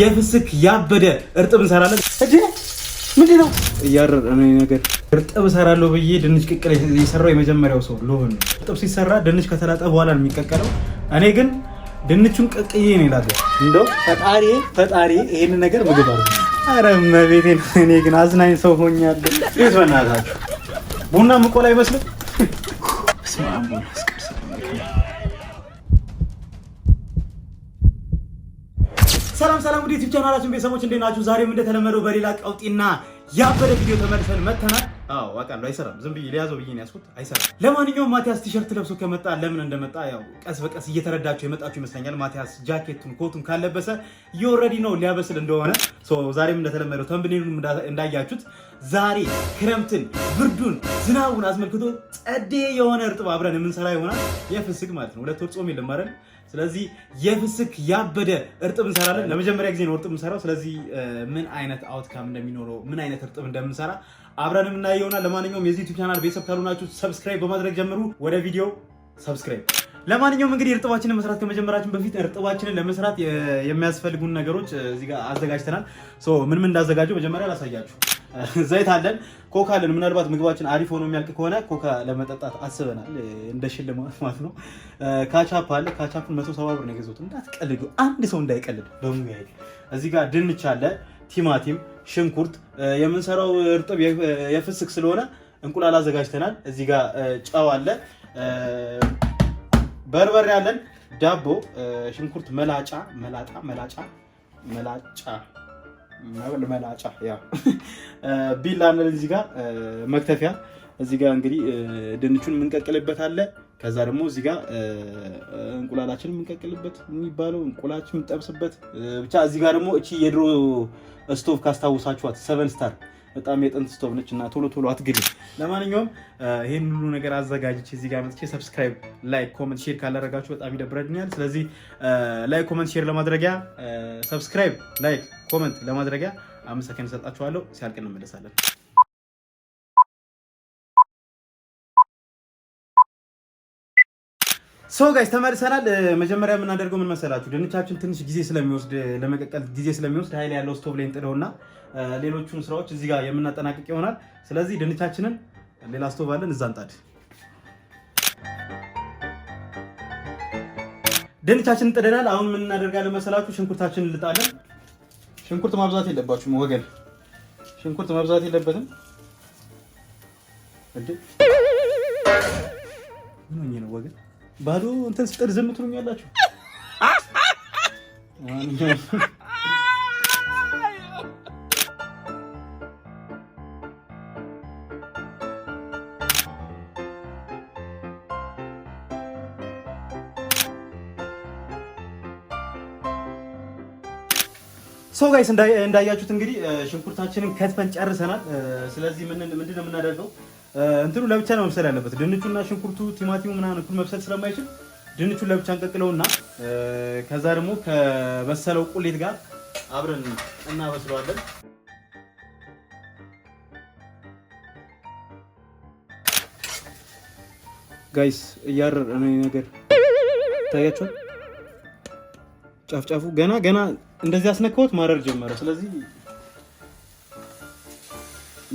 የፍስክ ያበደ እርጥብ እንሰራለን። እጄ ምንድን ነው እያረረ እያረረኝ ነገር እርጥብ እሰራለሁ ብዬ ድንች ቅቅል የሰራው የመጀመሪያው ሰው ልሆን ነው። እርጥብ ሲሰራ ድንች ከተላጠ በኋላ ነው የሚቀቀለው። እኔ ግን ድንቹን ቀቅዬ ነው ይላለ። እንደው ፈጣሪ ፈጣሪ ይሄን ነገር ምግብ አሉ። አረ መቤቴ፣ እኔ ግን አዝናኝ ሰው ሆኛለሁ። ቤት በናታችሁ ቡና ምቆላ አይመስልም። ሰላም ሰላም፣ እንግዲህ ዩቲዩብ ቻናላችን ቤተሰቦች እንዴት ናችሁ? ዛሬም እንደተለመደው በሌላ ቀውጢና ያበደ ቪዲዮ ተመልሰን መተናል። አዎ አውቃለሁ፣ አይሰራም። ዝም ብዬ ሊያዘው ብዬ ነው ያስኩት፣ አይሰራም። ለማንኛውም ማቲያስ ቲሸርት ለብሶ ከመጣ ለምን እንደመጣ ያው ቀስ በቀስ እየተረዳችሁ የመጣችሁ ይመስለኛል። ማቲያስ ጃኬቱን ኮቱን ካለበሰ እየወረዲ ነው ሊያበስል እንደሆነ። ዛሬም እንደተለመደው ተንብሌሉን እንዳያችሁት ዛሬ ክረምትን፣ ብርዱን፣ ዝናቡን አስመልክቶ ጸዴ የሆነ እርጥብ አብረን የምንሰራ ይሆናል። የፍስግ ማለት ነው። ሁለት ወር ጾም የለም አይደል? ስለዚህ የፍስክ ያበደ እርጥብ እንሰራለን። ለመጀመሪያ ጊዜ ነው እርጥብ እንሰራው። ስለዚህ ምን አይነት አውትካም እንደሚኖረው ምን አይነት እርጥብ እንደምንሰራ አብረን የምናየው ይሆናል። ለማንኛውም የዚህ ዩቱብ ቻናል ቤተሰብ ካልሆናችሁ ሰብስክራይብ በማድረግ ጀምሩ። ወደ ቪዲዮ ሰብስክራይብ ለማንኛውም እንግዲህ እርጥባችንን መስራት ከመጀመራችን በፊት እርጥባችንን ለመስራት የሚያስፈልጉን ነገሮች እዚህ ጋር አዘጋጅተናል። ምን ምን እንዳዘጋጀው መጀመሪያ ላሳያችሁ። ዘይት አለን፣ ኮካ አለን። ምናልባት ምግባችን አሪፍ ሆኖ የሚያልቅ ከሆነ ኮካ ለመጠጣት አስበናል፣ እንደ ሽልማት ማለት ነው። ካቻፕ አለ። ካቻፕን መቶ ሰባ ብር ነው የገዛሁት። እንዳትቀልዱ፣ አንድ ሰው እንዳይቀልድ በሙያ እዚህ ጋር ድንች አለ፣ ቲማቲም፣ ሽንኩርት። የምንሰራው እርጥብ የፍስክ ስለሆነ እንቁላል አዘጋጅተናል። እዚህ ጋር ጨው አለ፣ በርበሬ አለን፣ ዳቦ፣ ሽንኩርት መላጫ መላጣ መላጫ መላጫ መላጫ ያው ቢላ አለ እዚህ ጋር መክተፊያ እዚህ ጋር እንግዲህ ድንቹን የምንቀቅልበት አለ። ከዛ ደግሞ እዚህ ጋር እንቁላላችን የምንቀቅልበት የሚባለው እንቁላችን የምንጠብስበት ብቻ እዚህ ጋር ደግሞ እቺ የድሮ ስቶቭ ካስታውሳችኋት ሰቨን ስታር በጣም የጥንት ስቶቭ ነች እና ቶሎ ቶሎ አትግል ለማንኛውም ይህን ሁሉ ነገር አዘጋጅቼ እዚህ ጋር መጥቼ ሰብስክራይብ፣ ላይክ፣ ኮመንት፣ ሼር ካላደረጋችሁ በጣም ይደብረኛል። ስለዚህ ላይክ፣ ኮመንት፣ ሼር ለማድረጊያ ሰብስክራይብ፣ ላይክ፣ ኮመንት ለማድረጊያ አምስት ሰከንድ ሰጣችኋለሁ። ሲያልቅ እንመለሳለን። ሰው ጋይስ ተመልሰናል። መጀመሪያ የምናደርገው ምን መሰላችሁ? ድንቻችን ትንሽ ጊዜ ስለሚወስድ ለመቀቀል ጊዜ ስለሚወስድ ኃይል ያለው ስቶቭ ላይ እንጥደውና ሌሎቹን ስራዎች እዚህ ጋር የምናጠናቅቅ ይሆናል። ስለዚህ ድንቻችንን ሌላ ስቶቭ አለን፣ እዛ እንጣድ። ድንቻችንን ጥደናል። አሁን ምን እናደርጋለን መሰላችሁ? ሽንኩርታችንን እንልጣለን። ሽንኩርት ማብዛት የለባችሁም ወገን፣ ሽንኩርት ማብዛት የለበትም። ምን ነው ወገን ባዶ እንትን ስጠር ዝም ያላችሁ ሰው ጋይስ እንዳያችሁት እንግዲህ ሽንኩርታችንን ከትፈን ጨርሰናል። ስለዚህ ምንድን ነው የምናደርገው? እንትኑ ለብቻ ነው መብሰል ያለበት። ድንቹና ሽንኩርቱ፣ ቲማቲሙ ምናምን እኩል መብሰል ስለማይችል ድንቹን ለብቻ እንቀቅለውና ከዛ ደግሞ ከበሰለው ቁሌት ጋር አብረን እናበስለዋለን። ጋይስ እያረር ነው ነገር ታያችኋል። ጫፍጫፉ ገና ገና እንደዚህ አስነካሁት ማረር ጀመረ። ስለዚህ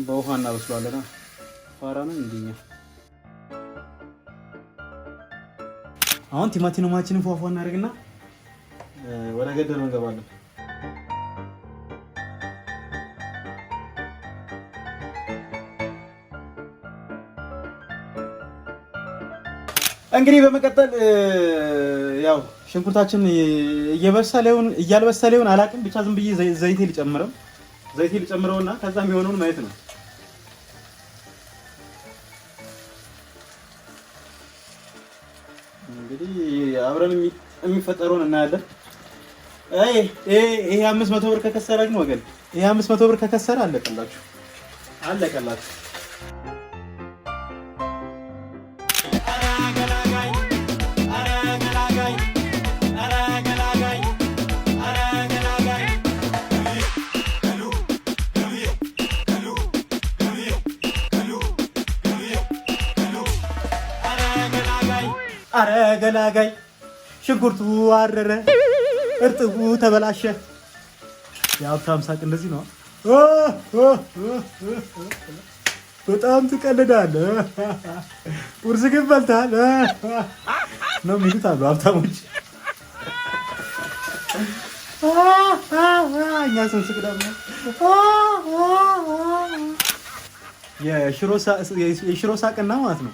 በውሃ እናበስለዋለን። አዋራ ነው እንደኛ። አሁን ቲማቲማችንን ፏፏ እናደርግና ወደ ገደሉ እንገባለን። እንግዲህ በመቀጠል ያው ሽንኩርታችን እየበሰለ ይሁን እያልበሰለ ይሁን አላውቅም፣ ብቻ ዝም ብዬ ዘይቴ ልጨምረው ዘይቴ ልጨምረውና ከዛም የሆነውን ማየት ነው። እንግዲህ አብረን የሚፈጠረውን እናያለን። አይ ይሄ አምስት መቶ ብር ግን ወገን ይሄ አምስት መቶ ብር ከከሰረ አለቀላችሁ፣ አለቀላችሁ። ተገላጋይ። ሽንኩርቱ አረረ፣ እርጥቡ ተበላሸ። የሀብታም ሳቅ እንደዚህ ነው። በጣም ትቀልዳለህ። ቁርስ ግን በልተሃል ነው የሚሉት አሉ ሀብታሞች። እኛ ስንስቅ ደግሞ የሽሮ ሳቅና ማለት ነው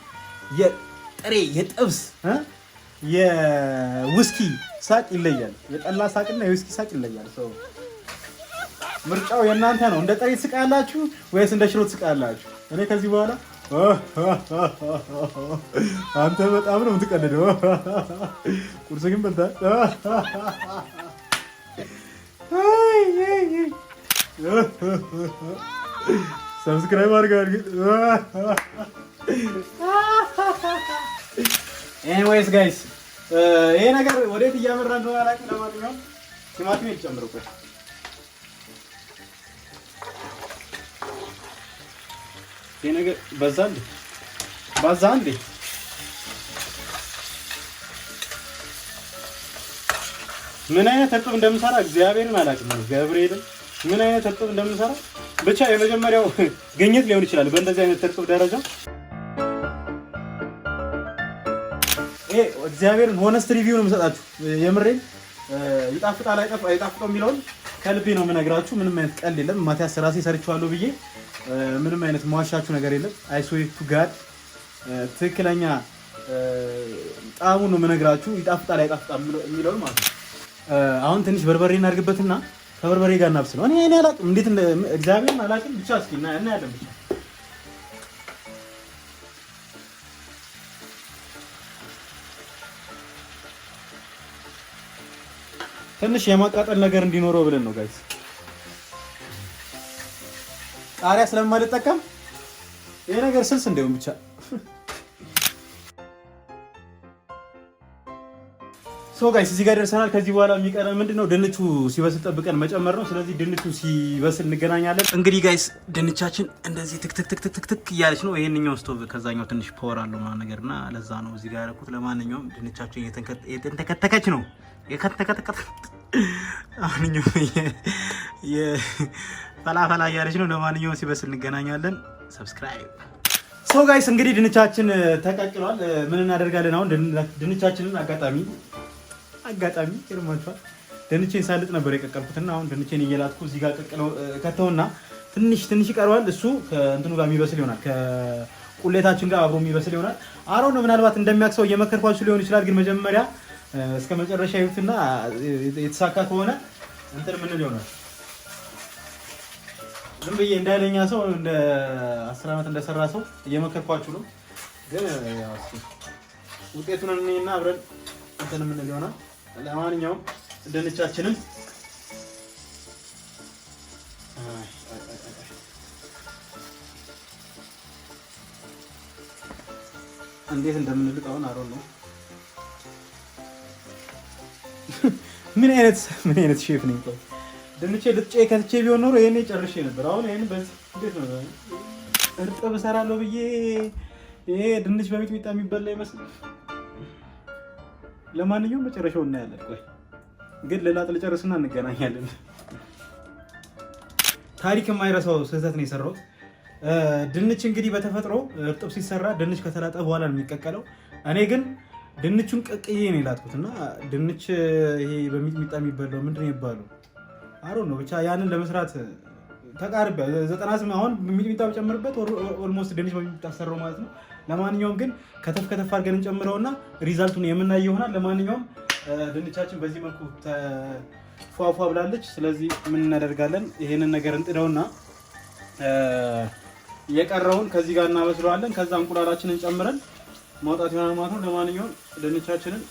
የጥሬ የጥብስ የውስኪ ሳቅ ይለያል። የጠላ ሳቅና የውስኪ ሳቅ ይለያል። ምርጫው የእናንተ ነው። እንደ ጠሪ ትስቃላችሁ ወይስ እንደ ሽሮ ትስቃላችሁ? እኔ ከዚህ በኋላ አንተ በጣም ነው የምትቀልደው። ቁርስ ግን በልታ ሰብስክራይብ አድርጋ ኤኒዌይስ ጋይስ uh, ይሄ ነገር ወዴት እያመራ እንደሆነ አላውቅም። ለማንኛውም ቲማቲም ይጨምርበት። ይሄ ነገር በዛ እንዴ በዛ እንዴ ምን አይነት እጥብ እንደምሰራ እግዚአብሔርን አላውቅም። ገብርኤልን ምን አይነት እጥብ እንደምሰራ ብቻ የመጀመሪያው ግኝት ሊሆን ይችላል በእንደዚህ አይነት እርጥብ ደረጃ እግዚአብሔርን ሆነስት ሪቪው ነው የምሰጣችሁ። የምሬን ይጣፍጣል አይጣፍጠው የሚለውን ከልቤ ነው የምነግራችሁ። ምንም አይነት ቀልድ የለም። ማቲያስ ራሴ ሰርቼዋለሁ ብዬ ምንም አይነት መዋሻችሁ ነገር የለም። አይሶዌር ቱ ጋድ ትክክለኛ ጣሙ ነው የምነግራችሁ። ይጣፍጣል አይጣፍጣም የሚለውን ማለት ነው። አሁን ትንሽ በርበሬ እናድርግበትና ከበርበሬ ጋር እናብስ ነው። እኔ እኔ አላውቅም እንዴት እግዚአብሔርን አላውቅም። ብቻ እስኪ እናያለን ብቻ ትንሽ የማቃጠል ነገር እንዲኖረው ብለን ነው ጋይስ። ጣሪያ ስለማልጠቀም ይሄ ነገር ስልስ እንደውም ብቻ ሰው ጋይስ እዚህ ጋር ደርሰናል። ከዚህ በኋላ የሚቀረን ምንድነው? ድንቹ ሲበስል ጠብቀን መጨመር ነው። ስለዚህ ድንቹ ሲበስል እንገናኛለን። እንግዲህ ጋይስ ድንቻችን እንደዚህ ትክትክትክትክ እያለች ነው። ይህንኛው ስቶቭ ከዛኛው ትንሽ ፓወር አለው ማለት ነገር እና ለዛ ነው እዚህ ጋር ያደረኩት። ለማንኛውም ድንቻችን የተንተከተከች ነው የከተከተከት አሁንኛው የፈላፈላ እያለች ነው። ለማንኛውም ሲበስል እንገናኛለን። ሰብስክራይብ ሰው ጋይስ እንግዲህ ድንቻችን ተቀቅሏል። ምን እናደርጋለን አሁን ድንቻችንን አጋጣሚ አጋጣሚ ይርማቸዋል። ድንቼን ሳልጥ ነበር የቀቀልኩትና አሁን ድንቼን እየላጥኩ እዚህ ጋር ቀቅለው ከተውና ትንሽ ትንሽ ይቀረዋል። እሱ ከእንትኑ ጋር የሚበስል ይሆናል፣ ከቁሌታችን ጋር አብሮ የሚበስል ይሆናል። ነው ምናልባት እንደሚያክሰው እየመከርኳችሁ ሊሆን ይችላል፣ ግን መጀመሪያ እስከ መጨረሻ ይሁትና የተሳካ ከሆነ እንትን ምንል ይሆናል። ዝም ብዬ እንዳይለኛ ሰው እንደ አስር ዓመት እንደሰራ ሰው እየመከርኳችሁ ነው፣ ግን ውጤቱን እና አብረን እንትን ምንል ይሆናል። ለማንኛውም ድንቻችንን እንዴት እንደምንልቅ አሁን አሮ ነው። ምን አይነት ምን አይነት ሼፍ ነኝ? ቆይ ድንቼ ልጥጬ ከትቼ ቢሆን ኖሮ ይሄኔ ጨርሼ ነበር። አሁን ይሄን በዚህ እንዴት ነው እርጥብ እሰራለሁ ብዬ ይሄ ድንች በሚጥሚጣ የሚበላ ይመስል ለማንኛውም መጨረሻው እናያለን። ቆይ ግን ሌላ ጥልጨርስና እንገናኛለን። ታሪክ የማይረሳው ስህተት ነው የሰራሁት። ድንች እንግዲህ በተፈጥሮ እርጥብ ሲሰራ ድንች ከተላጠ በኋላ ነው የሚቀቀለው። እኔ ግን ድንቹን ቀቅዬ ነው የላጥኩት እና ድንች ይሄ በሚጥሚጣ የሚበላው ምንድን ነው የሚባለው? አሮ ነው ብቻ ያንን ለመስራት ተቃርበ ዘጠና ስም አሁን ሚጥሚጣ ጨምርበት ኦልሞስት ድንች በሚጣ ሰራው ማለት ነው። ለማንኛውም ግን ከተፍ ከተፍ አድርገን እንጨምረውና ሪዛልቱን የምናየው ይሆናል። ለማንኛውም ድንቻችን በዚህ መልኩ ተፏፏ ብላለች። ስለዚህ ምን እናደርጋለን? ይሄንን ነገር እንጥደውና የቀረውን ከዚህ ጋር እናበስለዋለን። ከዛ እንቁላላችንን ጨምረን ማውጣት ይሆናል ማለት ነው። ለማንኛውም ድንቻችንን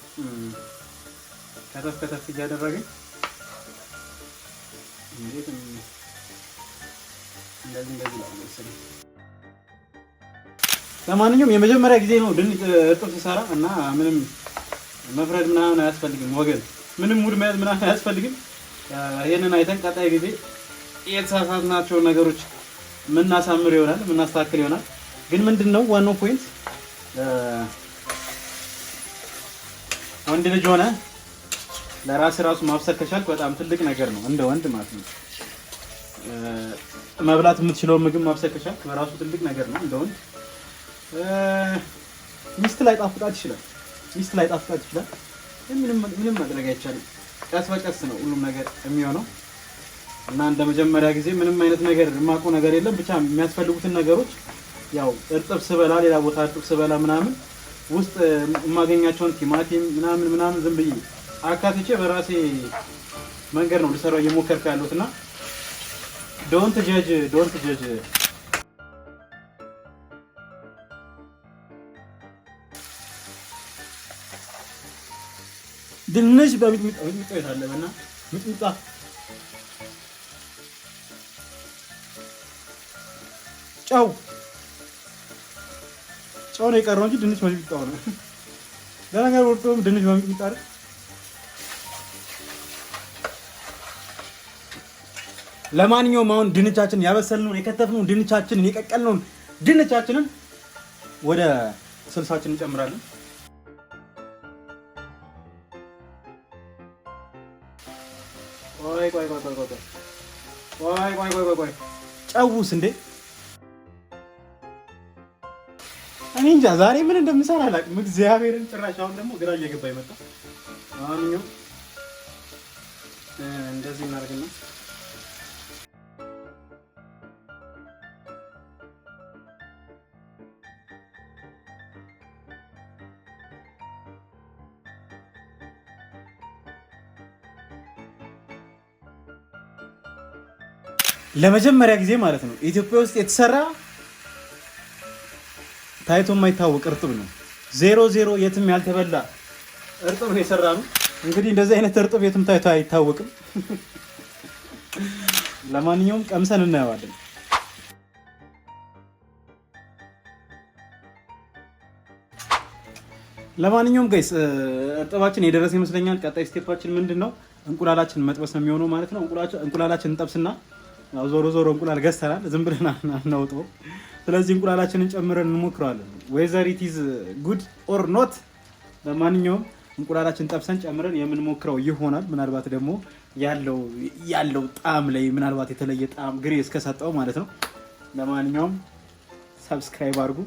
ከተፍ ከተፍ እያደረግን እንደዚህ እንደዚህ ለማንኛውም የመጀመሪያ ጊዜ ነው ድንች እርጥብ ስሰራ እና ምንም መፍረድ ምናምን አያስፈልግም ወገን፣ ምንም ሙድ መያዝ ምናምን አያስፈልግም። ይህንን አይተን ቀጣይ ጊዜ የተሳሳትናቸውን ነገሮች የምናሳምር ይሆናል የምናስተካክል ይሆናል። ግን ምንድን ነው ዋናው ፖይንት ወንድ ልጅ ሆነ ለራስ ራሱ ማብሰል ከቻልክ በጣም ትልቅ ነገር ነው፣ እንደ ወንድ ማለት ነው። መብላት የምትችለውን ምግብ ማብሰል ከቻልክ በራሱ ትልቅ ነገር ነው እንደ ወንድ ሚስት ላይ ጣፍጣት ይችላል። ሚስት ላይ ጣፍጣት ይችላል። ምንም ማድረግ አይቻልም። ቀስ በቀስ ነው ሁሉም ነገር የሚሆነው እና እንደ መጀመሪያ ጊዜ ምንም አይነት ነገር የማውቀው ነገር የለም። ብቻ የሚያስፈልጉትን ነገሮች ያው እርጥብ ስበላ ሌላ ቦታ እርጥብ ስበላ ምናምን ውስጥ የማገኛቸውን ቲማቲም ምናምን ምናምን ዝም ብዬ አካትቼ በራሴ መንገድ ነው ልሰራው እየሞከርኩ ያለሁት እና ዶንት ጀጅ ዶንት ጀጅ ድንሽ በሚጥሚጣ በሚጥሚጣ የታለበና ሚጥሚጣ ጨው ጨው ነው የቀረው እንጂ ድንች በሚጥሚጣ ነው። ለነገር ወርዶም ድንች በሚጥሚጣ አይደል? ለማንኛውም አሁን ድንቻችንን ያበሰልነውን የከተፍነውን ድንቻችንን የቀቀልነውን ድንቻችንን ወደ ስልሳችን እንጨምራለን። ቆይ ቆይ ቆይ ቆይ ቆይ ጨውስ እንዴ! እኔ እንጃ ዛሬ ምን እንደምሰራ አላውቅም። እግዚአብሔርን ጭራሽ አሁን ደግሞ ግራ እየገባ ይመጣ። ማንኛውም እንደዚህ እናደርግና ለመጀመሪያ ጊዜ ማለት ነው ኢትዮጵያ ውስጥ የተሰራ ታይቶ የማይታወቅ እርጥብ ነው። ዜሮ ዜሮ የትም ያልተበላ እርጥብ ነው የሰራ ነው። እንግዲህ እንደዚህ አይነት እርጥብ የትም ታይቶ አይታወቅም። ለማንኛውም ቀምሰን እናየዋለን። ለማንኛውም ጋይስ እርጥባችን የደረሰ ይመስለኛል። ቀጣይ ስቴፓችን ምንድን ነው? እንቁላላችን መጥበስ ነው የሚሆነው ማለት ነው። እንቁላላችን እንጠብስና ዞሮ ዞሮ እንቁላል ገዝተናል፣ ዝም ብለን አናውጠው። ስለዚህ እንቁላላችንን ጨምረን እንሞክረዋለን ወይዘር ኢት ኢዝ ጉድ ኦር ኖት። ለማንኛውም እንቁላላችን ጠብሰን ጨምረን የምንሞክረው ይሆናል። ምናልባት ደግሞ ያለው ያለው ጣዕም ላይ ምናልባት የተለየ ጣዕም ግሬ እስከሰጠው ማለት ነው። ለማንኛውም ሰብስክራይብ አድርጉ።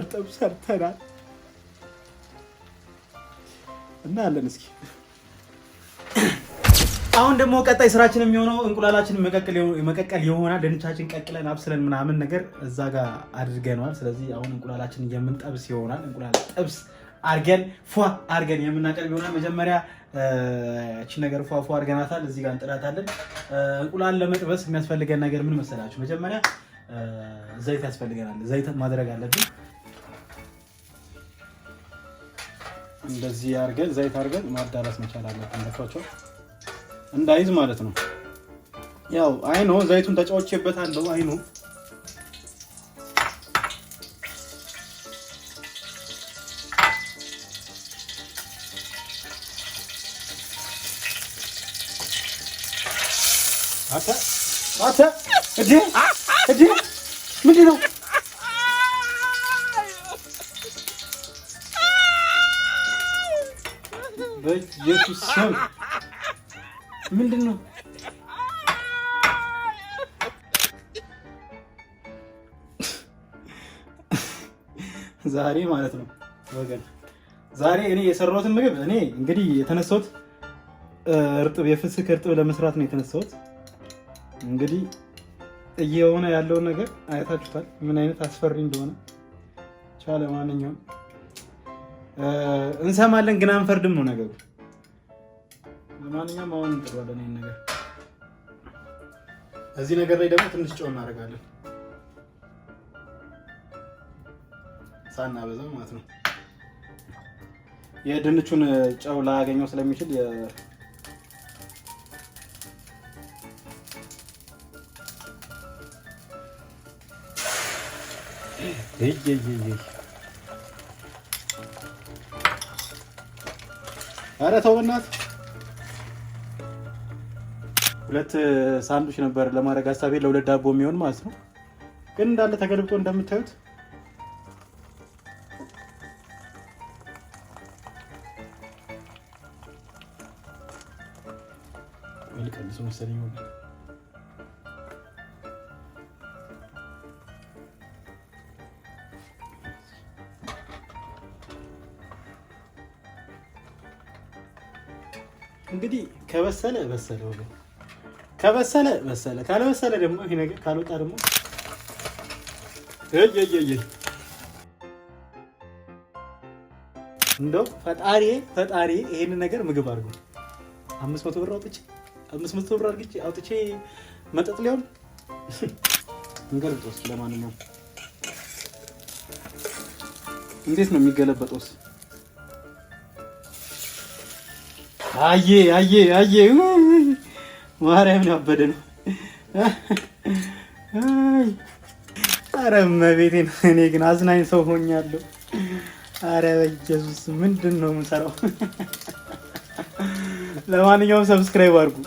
እርጥብ ሰርተናል እና አለን እስኪ አሁን ደግሞ ቀጣይ ስራችን የሚሆነው እንቁላላችን መቀቀል ይሆናል። ድንቻችን ቀቅለን አብስለን ምናምን ነገር እዛ ጋር አድርገነዋል። ስለዚህ አሁን እንቁላላችን የምንጠብስ ይሆናል። እንቁላል ጥብስ አርገን ፏ አርገን የምናቀርብ ይሆናል። መጀመሪያ እችን ነገር ፏ ፏ አርገናታል። እዚህ ጋር እንጥዳታለን። እንቁላል ለመጥበስ የሚያስፈልገን ነገር ምን መሰላችሁ? መጀመሪያ ዘይት ያስፈልገናል። ዘይት ማድረግ አለብን። እንደዚህ አርገን ዘይት አርገን ማዳረስ መቻል አለብን። እንዳይዝ ማለት ነው። ያው አይኖ ዘይቱን ተጫውቼበታለሁ። አይኖ አተ አተ እዴ እዴ ምንድን ነው? በኢየሱስ ስም ዛሬ ማለት ነው ወገን ዛሬ እኔ የሰራሁትን ምግብ እኔ እንግዲህ የተነሳሁት እርጥብ የፍስክ እርጥብ ለመስራት ነው የተነሳሁት። እንግዲህ እየሆነ ያለውን ነገር አይታችሁታል፣ ምን አይነት አስፈሪ እንደሆነ ቻ ለማንኛውም እንሰማለን ግን አንፈርድም ነው ነገሩ። ለማንኛውም አሁን እንጥሯለን ይህን ነገር። እዚህ ነገር ላይ ደግሞ ትንሽ ጨው እናደርጋለን። ሳናበዛ ማለት ነው። የድንቹን ጨው ላያገኘው ስለሚችል ኧረ ተው በእናትህ ሁለት ሳንዱች ነበር ለማድረግ ሀሳቤ ለሁለት ዳቦ የሚሆን ማለት ነው። ግን እንዳለ ተገልብጦ እንደምታዩት መሰለኝ ወገን። እንግዲህ ከበሰለ በሰለ ወገን፣ ከበሰለ በሰለ፣ ካልበሰለ ደግሞ ይሄ ነገር ካልወጣ ደግሞ እንደው ፈጣሪ ፈጣሪ ይሄንን ነገር ምግብ አድርጎ አምስት መቶ ብር አውጥቼ አምስት መቶ ብር አድርግቼ አውጥቼ መጠጥ ሊሆን እንገልብጦስ። ለማንኛውም እንዴት ነው የሚገለበጠውስ? አየ አየ አየ ማርያም ነው ያበደ ነው። አረ እመቤቴ ነው። እኔ ግን አዝናኝ ሰው ሆኛለሁ። አረ በኢየሱስ ምንድን ነው የምሰራው? ለማንኛውም ሰብስክራይብ አድርጉ።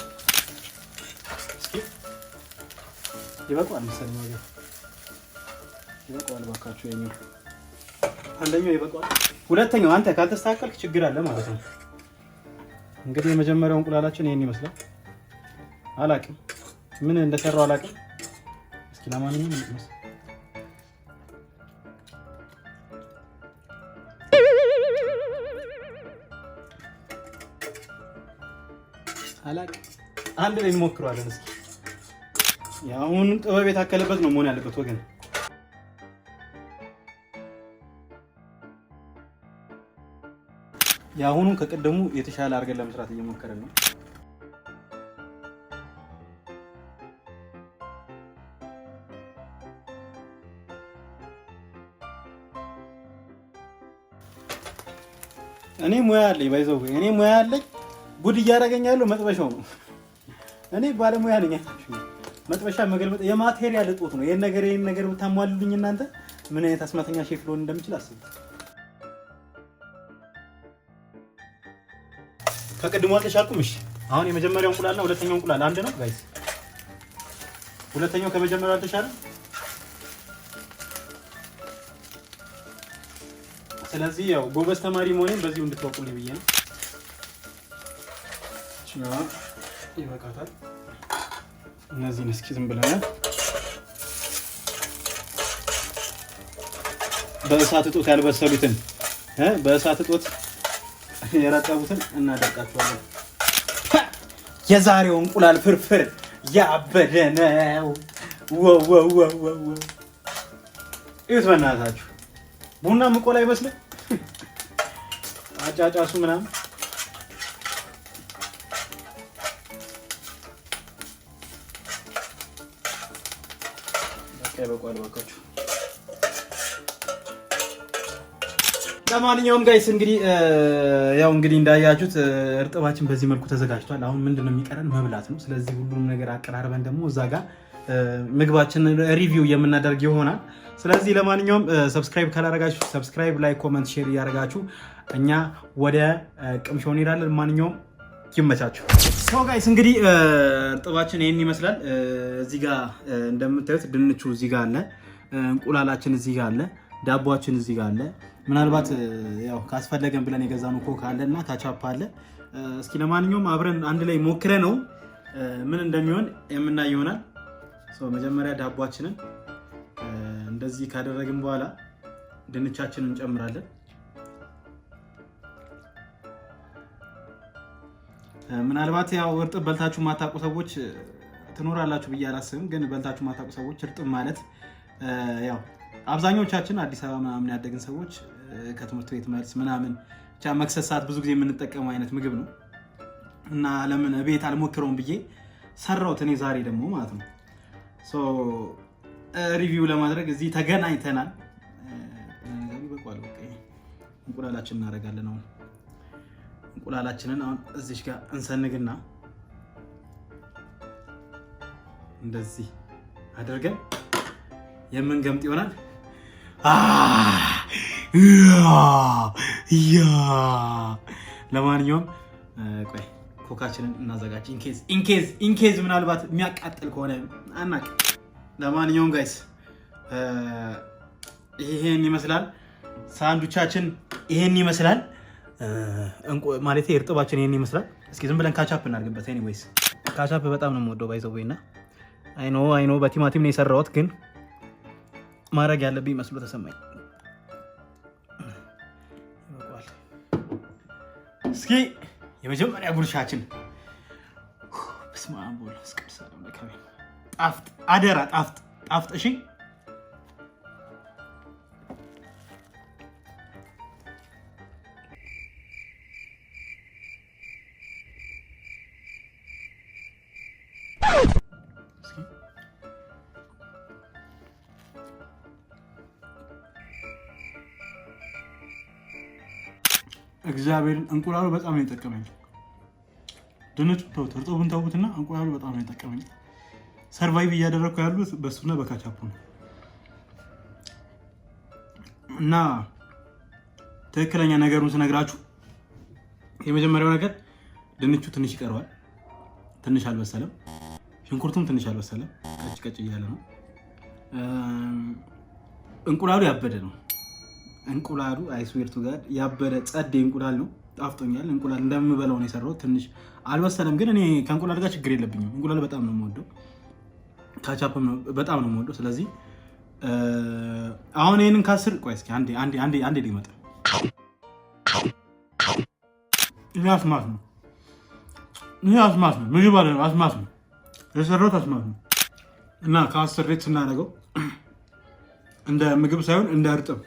ይበቃዋል። ነገር ይበቃዋል። አንደኛው ይበቃዋል። ሁለተኛው አንተ ካልተስተካከልክ ችግር አለ ማለት ነው። እንግዲህ የመጀመሪያው እንቁላላችን ይሄን ይመስላል። አላቅም ምን እንደሰራው አላቅም። እስኪ ለማንኛውም አላቅም አንድ ላይ እንሞክረዋለን እስኪ አሁንም ጥበብ የታከለበት ነው መሆን ያለበት ወገን። የአሁኑም ከቀደሙ የተሻለ አድርገን ለመስራት እየሞከረ ነው። እኔ ሙያ አለኝ ባይዘው እኔ ሙያ አለኝ። ጉድ እያደረገኝ ያለው መጥበሻው ነው። እኔ ባለሙያ ነኝ። መጥበሻ መገልበጥ የማቴሪያል እጦት ነው። ይሄን ነገር ይሄን ነገር ብታሟሉልኝ እናንተ ምን አይነት አስማተኛ ሼፍ ልሆን እንደምችል አስቡ። ከቅድሙ አልተሻልኩም። እሺ አሁን የመጀመሪያው እንቁላልና ሁለተኛው እንቁላል አንድ ነው ጋይስ። ሁለተኛው ከመጀመሪያው አልተሻለ። ስለዚህ ያው ጎበዝ ተማሪ መሆኔን በዚሁ እንድታውቁልኝ ብዬ ነው። ይበቃታል። እነዚህን እስኪ ዝም ብለናል በእሳት እጦት ያልበሰሉትን በእሳት እጦት የረጠቡትን እናደርቃቸዋለን። የዛሬው እንቁላል ፍርፍር ያበደ ነው። ይሁት በእናታችሁ ቡና ምቆላ አይመስልም አጫጫሱ ምናምን ይበቋል ባካችሁ። ለማንኛውም ጋይስ እንግዲህ ያው እንግዲህ እንዳያችሁት እርጥባችን በዚህ መልኩ ተዘጋጅቷል። አሁን ምንድን ነው የሚቀረን? መብላት ነው። ስለዚህ ሁሉንም ነገር አቀራርበን ደግሞ እዛ ጋር ምግባችንን ሪቪው የምናደርግ ይሆናል። ስለዚህ ለማንኛውም ሰብስክራይብ ካላረጋችሁ ሰብስክራይብ፣ ላይ ኮመንት፣ ሼር እያደረጋችሁ እኛ ወደ ቅምሾ እንሄዳለን። ለማንኛውም ይመቻችሁ። ሰው ጋይስ እንግዲህ እርጥባችን ይህን ይመስላል። እዚህ ጋ እንደምታዩት ድንቹ እዚህ ጋ አለ፣ እንቁላላችን እዚህ ጋ አለ፣ ዳቦችን እዚህ ጋ አለ። ምናልባት ያው ካስፈለገን ብለን የገዛነው ኮክ አለ እና ካቻፕ አለ። እስኪ ለማንኛውም አብረን አንድ ላይ ሞክረ ነው ምን እንደሚሆን የምናይ ይሆናል። መጀመሪያ ዳቧችንን እንደዚህ ካደረግን በኋላ ድንቻችንን እንጨምራለን። ምናልባት ያው እርጥብ በልታችሁ ማታውቁ ሰዎች ትኖራላችሁ ብዬ አላስብም። ግን በልታችሁ ማታቁ ሰዎች እርጥብ ማለት ያው አብዛኞቻችን አዲስ አበባ ምናምን ያደግን ሰዎች ከትምህርት ቤት መልስ ምናምን ብቻ መክሰስ ሰዓት ብዙ ጊዜ የምንጠቀመው አይነት ምግብ ነው እና ለምን ቤት አልሞክረውም ብዬ ሰራሁት። እኔ ዛሬ ደግሞ ማለት ነው ሪቪው ለማድረግ እዚህ ተገናኝተናል። እንቁላላችን እናደርጋለን አሁን እንቁላላችንን አሁን እዚሽ ጋር እንሰንግና እንደዚህ አድርገን የምንገምጥ ይሆናል። ለማንኛውም ቆይ ኮካችንን እናዘጋጅ። ኢንኬዝ ኢንኬዝ ኢንኬዝ ምናልባት የሚያቃጥል ከሆነ አናቅ። ለማንኛውም ጋይስ ይሄን ይመስላል ሳንዱቻችን፣ ይሄን ይመስላል። ማለት እርጥባችን ይህን ይመስላል። እስኪ ዝም ብለን ካቻፕ እናድርግበት። ኤኒዌይስ ካቻፕ በጣም ነው የምወደው ባይዘው ወይና አይኖ አይኖ በቲማቲም ነው የሰራሁት፣ ግን ማድረግ ያለብኝ መስሎ ተሰማኝ። እስኪ የመጀመሪያ ጉርሻችን ስማ፣ አደራ ጣፍጥ ጣፍጥ። እሺ እግዚአብሔርን እንቁላሉ በጣም ነው የጠቀመኝ። ድንቹ ተውት፣ እርጥቡን ተውትና እንቁላሉ በጣም ነው የጠቀመኝ። ሰርቫይቭ እያደረግኩ ያሉት በሱና በካቻፑ ነው እና ትክክለኛ ነገሩን ስነግራችሁ የመጀመሪያው ነገር ድንቹ ትንሽ ይቀረዋል። ትንሽ አልበሰለም። ሽንኩርቱም ትንሽ አልበሰለም። ቀጭ ቀጭ እያለ ነው። እንቁላሉ ያበደ ነው። እንቁላሉ አይስዌርቱ ጋር ያበደ ጸደ እንቁላል ነው። ጣፍጦኛል። እንቁላል እንደምበላው ነው የሰራው። ትንሽ አልበሰለም፣ ግን እኔ ከእንቁላል ጋር ችግር የለብኝም። እንቁላል በጣም ነው የምወደው፣ ካቻፕም በጣም ነው የምወደው። ስለዚህ አሁን ይህንን ካስር ቆይ እስኪ አንዴ አንዴ አንዴ አንዴ ሊመጣ ይህ አስማት ነው። ይህ አስማት ነው። ምግብ አለ አስማት ነው የሰራሁት አስማት ነው እና ከአስር ሬት ስናደርገው እንደ ምግብ ሳይሆን እንደ እርጥብ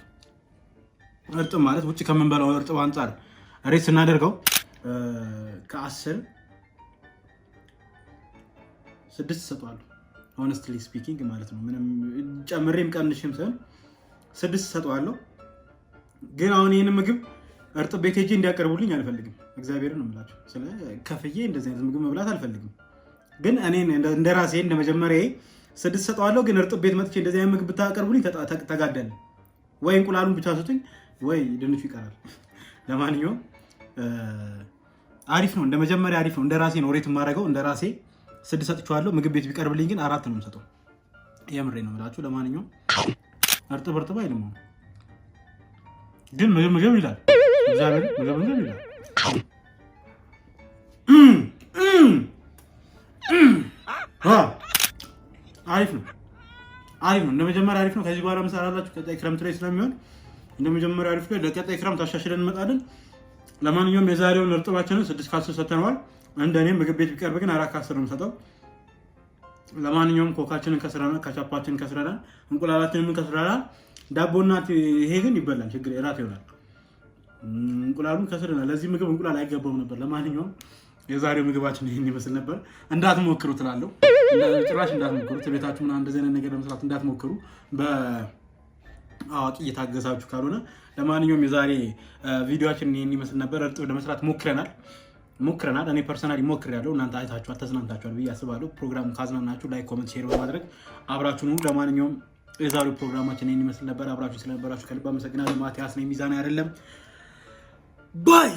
እርጥብ ማለት ውጭ ከምንበላው እርጥብ አንጻር ሬት ስናደርገው ከአስር ስድስት ይሰጠዋል። ሆነስትሊ ስፒኪንግ ማለት ነው። ምንም ጨምሬም ቀንሽም ሳይሆን ስድስት ሰጠዋለሁ። ግን አሁን ይህን ምግብ እርጥብ ቤት ሄጄ እንዲያቀርቡልኝ አልፈልግም። እግዚአብሔርን ነው የምላቸው። ስለ ከፍዬ እንደዚህ አይነት ምግብ መብላት አልፈልግም። ግን እኔ እንደ ራሴ እንደ መጀመሪያ ስድስት ሰጠዋለሁ፣ ግን እርጥብ ቤት መጥቼ እንደዚህ አይነት ምግብ ብታቀርቡልኝ ተጋደል ወይ እንቁላሉን ብቻ ስጡኝ፣ ወይ ድንቹ ይቀራል። ለማንኛውም አሪፍ ነው፣ እንደ መጀመሪያ አሪፍ ነው። እንደ ራሴ ነው ሬት የማደርገው እንደ ራሴ ስድስት ሰጥቼዋለሁ። ምግብ ቤት ቢቀርብልኝ ግን አራት ነው የምሰጠው። የምሬ ነው የምላችሁ። ለማንኛውም እርጥብ እርጥብ አይልም፣ ግን ምግብ ምግብ ይላል። እግዚአብሔር ምግብ ምግብ ይላል። አሪፍ ነው፣ አሪፍ ነው። እንደመጀመሪያ አሪፍ ነው። ከዚህ በኋላ ምሰራላችሁ ቀጣይ ክረምት ላይ ስለሚሆን እንደመጀመሪያ አሪፍ ነው። ለቀጣይ ክረምት አሻሽለን እንመጣለን። ለማንኛውም የዛሬውን እርጥባችንን ስድስት ከአስር ሰተነዋል። እንደ እኔም ምግብ ቤት ቢቀርብ ግን አራት ከአስር ነው የምሰጠው። ለማንኛውም ኮካችንን ከስረናል፣ ከቻፓችንን ከስረናል፣ እንቁላላችንን ከስረናል። ዳቦና ይሄ ግን ይበላል፣ ችግር እራት ይሆናል። እንቁላሉን ከስረናል። ለዚህ ምግብ እንቁላል አይገባውም ነበር። ለማንኛውም የዛሬው ምግባችን ይህን ይመስል ነበር። እንዳትሞክሩ ትላለሁ። ጭራሽ እንዳትሞክሩ፣ ትቤታችሁ ምና እንደዚህ አይነት ነገር ለመስራት እንዳትሞክሩ በአዋቂ እየታገሳችሁ ካልሆነ። ለማንኛውም የዛሬ ቪዲዮችን ይህን ይመስል ነበር። እርጥብ ለመስራት ሞክረናል ሞክረናል እኔ ፐርሰናል ሞክር ያለው እናንተ አይታችኋል፣ ተዝናንታችኋል ብዬ አስባለሁ። ፕሮግራሙ ካዝናናችሁ ላይክ፣ ኮመንት፣ ሼር በማድረግ አብራችሁን ሁሉ ለማንኛውም የዛሬው ፕሮግራማችን ይህን ይመስል ነበር። አብራችሁ ስለነበራችሁ ከልብ አመሰግናለሁ። ማቲያስ ነኝ፣ ሚዛን አይደለም ባይ